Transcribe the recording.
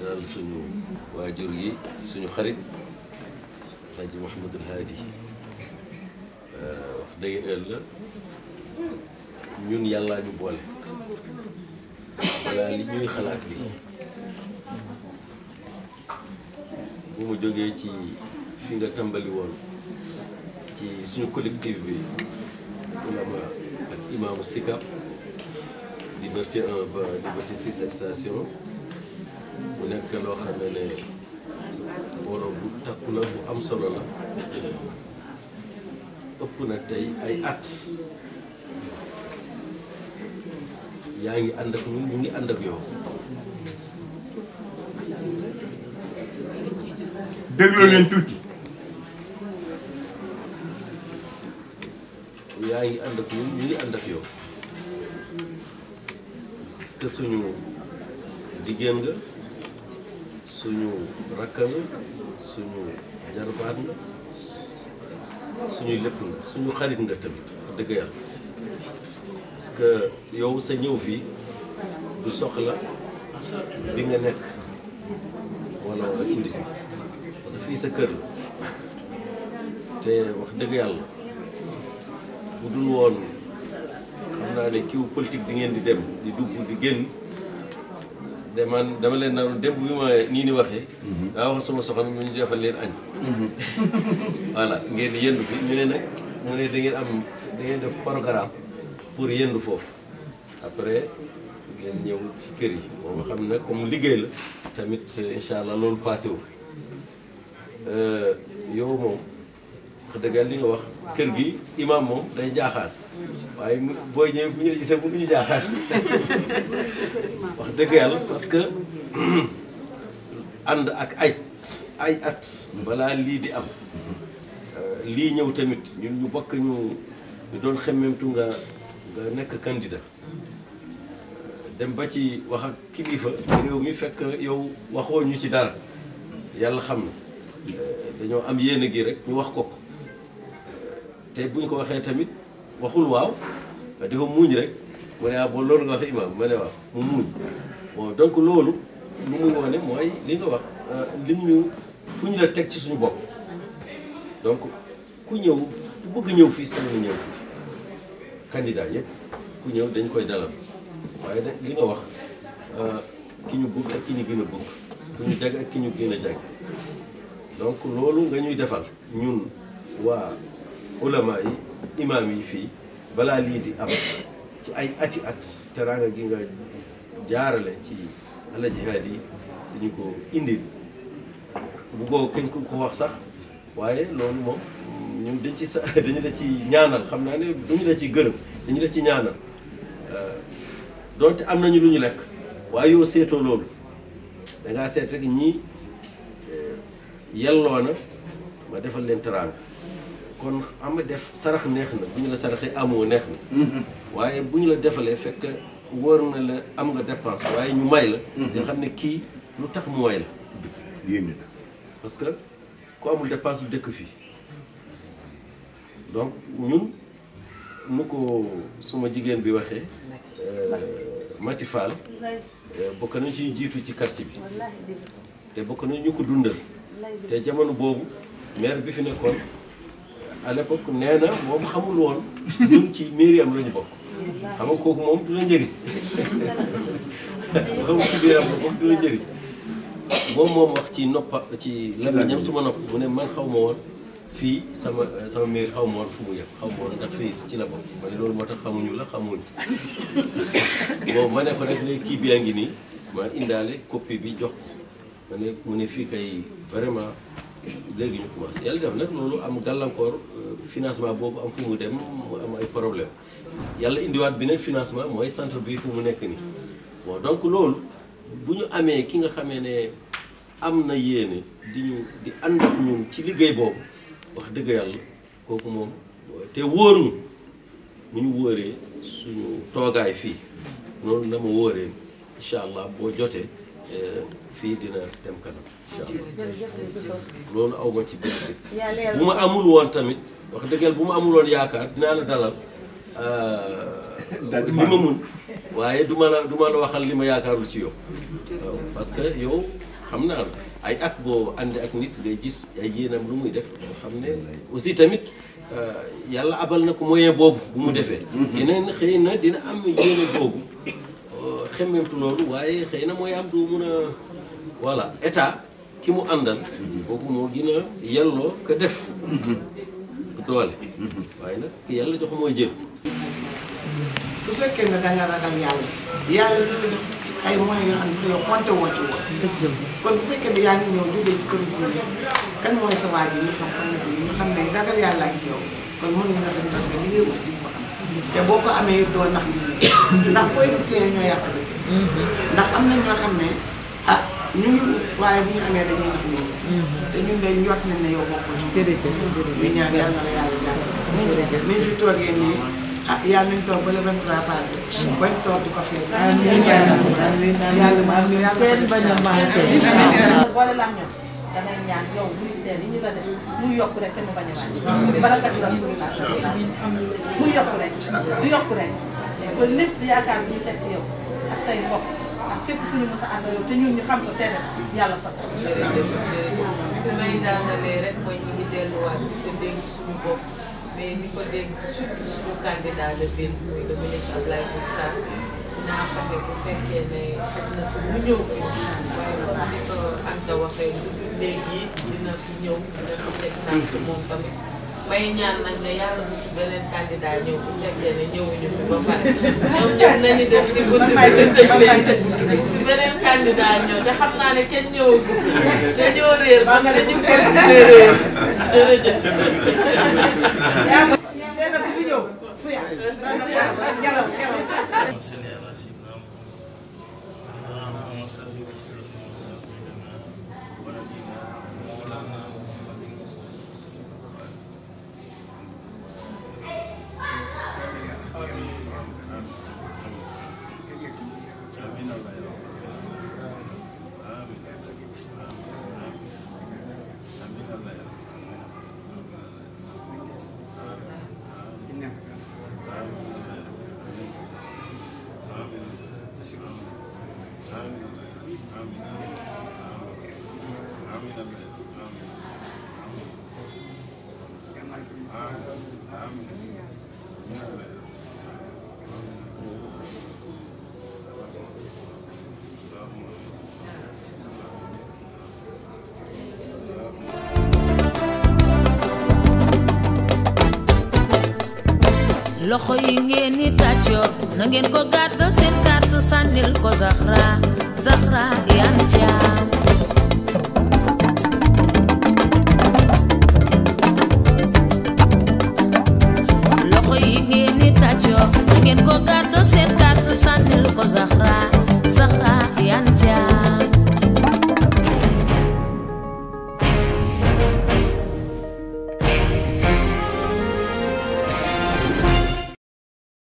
daal suñu waajur yi suñu xarit Alaaji Mouhamadul Haadi euh, wax dëgg la ñun yàllaa ñu boole walla li ñuy xalaat li bu ma jógee ci fi nga tëmbali woon ci suñu collectif bi ulama ak imaamu Sikap Liberté 1 ba euh, Liberté 6 extension mu nekk loo xam ne ne borom bu takku la bu am solo la ëpp na tey ay at yaa ngi ànd ak ñun ñu ngi ànd ak yow. déglu leen tuuti. yaa ngi ànd ak ñun ñu ngi ànd ak yow. parce que suñu jigéen nga suñu rakk nga suñu jarbaat nga suñu lépp nga suñu xarit nga tamit dëgg yàlla parce que yow sa ñëw fii du soxla bi nga nekk wala wala indi fi parce fii sa kër la te wax dëgg yàlla bu dul woon naa ne kiw politique bi ngeen di dem di dugg di génn de dama leen naroon démb bi ma nii ni waxee mhm. daa wax sama soxna mu ñu defal leen añ mhm. voilà ngeen di yendu ñu ne nag mu ne da ngeen am dangeen ngeen def programme pour yendu foofu après ngeen ñëw ci kër yi boo xam ne comme liggéey la tamit incha allah loolu passé wu euh, yow moom wax dëgg li nga wax kër gi imaam day jaaxaar waaye booy ñëwee bu ñu la wax dëgg yàlla parce que ànd ak ay ay at balaa lii di am lii ñëw tamit ñun ñu bokk ñu doon xemmemtu nga nekk candidat dem ba ci wax ak kilifa réew mi fekk yow waxoo ñu ci dara yàlla xam na dañoo am yéene gi rek ñu wax ko te bu ñu ko waxee tamit waxul waaw dafa muuñ rek mu ne ah, loolu nga wax imaam ma wax waaw mu muuñ bon donc loolu lu muy wane mooy li nga wax euh, li ñu fu ñu la teg ci suñu bopp donc ku ñëw ku bëgg ñëw fii sañ na ñëw fii candidat yëpp ku ñëw dañ koy dalal waaye nag li nga wax euh, ki ñu bëgg ki ñu gën a bëgg ku ñu jag ak ki ñu gën a jag donc loolu nga ñuy defal ñun waa ulama yi imaam yi fii balaa lii di am ci ay ati at teraanga gi nga jaarale ci ala jihaad yi dañu ko indil buggoo kañ ku ko wax sax waaye loolu moom ñun dañ ci sa dañu la ci ñaanal xam naa ne duñu la ci gërëm dañu la ci ñaanal euh, donte am nañu lu ñu lekk waaye yow seetoo loolu dangaa seet rek ñii euh, yelloo na defal leen teraanga kon am nga def sarax neex na bu ñu la saraxee amoo neex na waaye bu ñu la defalee fekk wóor na la am nga dépense waaye ñu may la mhm. nga xam ne kii lu tax mu may la yéen que ku amul dépense du dëkk fii donc ñun nu ko suma jigéen bi waxee euh, Mati Fall euh, bokk nañ ci jiitu ci quartier bi te bokk nañ ñu ko dundal te jamono boobu maire bi fi nekkoon à l'époque nee na moom xamul woon ci mairie am la ñu bokk xam kooku moom du la njëriñ xamul ci mairie am la bokk moom moom wax ci noppa ci la su ma nopp mu ne man xaw ma woon fii sama sama mairie xaw ma fu mu yem xaw ma woon ndax fii ci la bokk ma loolu moo tax xamuñu la xamuñu bon ma ne ko rek ne kii bi a ngi nii ma indaale copie bi jox ko mu ne fii kay vraiment léegi ñu commencé yàlla def nag loolu am gàllankoor euh, financement boobu am fu mu dem mu am ay problème yàlla indiwaat beneen financement mooy centre bi fu mu nekk nii. bon donc loolu bu ñu amee ki nga xamee ne am na yéene di ñu di ànd ñun ci liggéey boobu wax dëgg yàlla kooku moom te wóor ñu mu ñu wóoree suñu toogaay fii loolu na ma wóoree allah boo jotee. Eh, fii dina dem kanam incha allah loolu aw ci benn bu ma amul woon tamit wax dëgg bu ma amul yaakaar dinaa la dalal euh, li ma mun waaye du la du la waxal li ma yaakaarul ci yow waaw que yow xam naa la ay at boo ànd ak nit ngay gis ay yéenam lu muy def nga xam ne aussi tamit euh, yàlla abal na ko moyen boobu bu mu defee yeneen mm-hmm. xëy na dina am yéene boobu xemmeemtu loolu waaye xëy na mooy am du mun a voilà état ki mu àndal kooku moo gën a yelloo ko waaye nag yàlla jox mooy jël su fekkee ne danga ragal yàlla yàlla lu la jox ay moyens yoo xam ne sa yow compté woo ci woon kon bu fekkee ne yaa ngi ñëw jógee ci kër diine kan mooy sa waa ji ñu xam fan la ñu xam ne ragal yàlla ak yow kon mën nañu ragal ndax nga li ngay wuti di ko te boo ko amee doo nax nit ñi ndax politiciens ñoo yàq dëkk ndax am na ñoo xam ne ah ñu ngi ut waaye bu ñu amee dañuy nax nit ñi mm-hmm. te ñun day njort nañ ne yow bokk ñu ñu ñaan yàlla na la yàlla jàpp ni fi toogee nii ah yàlla nañ toog ba le 23 passé mm-hmm. bañ toog di ko feet yàlla yàlla bañ a manqué damay ñaan yow ministère yi ñu la def muy yokk rek te mu bañ a wàññi. barakati rasulillah muy yokk rek du yokk rek kon lépp yaakaar bi ñu teg ci yow ak say mbokk ak fépp fu ñu mës a ànd yow te ñun ñu xam ko seede yàlla soxla. su may daanalee rek mooy ñu ngi delluwaat di ko dénk suñu bopp mais ni ko dénk surtout suñu candidat la benn muy le ministre Abdoulaye Diouf Sarr naa fexe bu fekkee ne fekk na si mu ñëw fi waaye léegi dina fi ñëw dina fi teg tànk moom tamit may ñaan nag ne yàlla bu ci beneen candidat ñëw bu fekkee ne ñëwuñu fi ba pare ñoom ñëpp nañu des si buntu bi te tëj leen beneen candidat ñëw te xam naa ne kenn ñëwagul dañoo réer ba nga dañu continuer réer jërëjëf loxo yi ngeen di tàccoo na ngeen ko gàddo seen kàddu sànnil ko Zahra Zahra Iyane rajo ngeen ko gàddu seen kàddu sànnil ko Zahra Zahra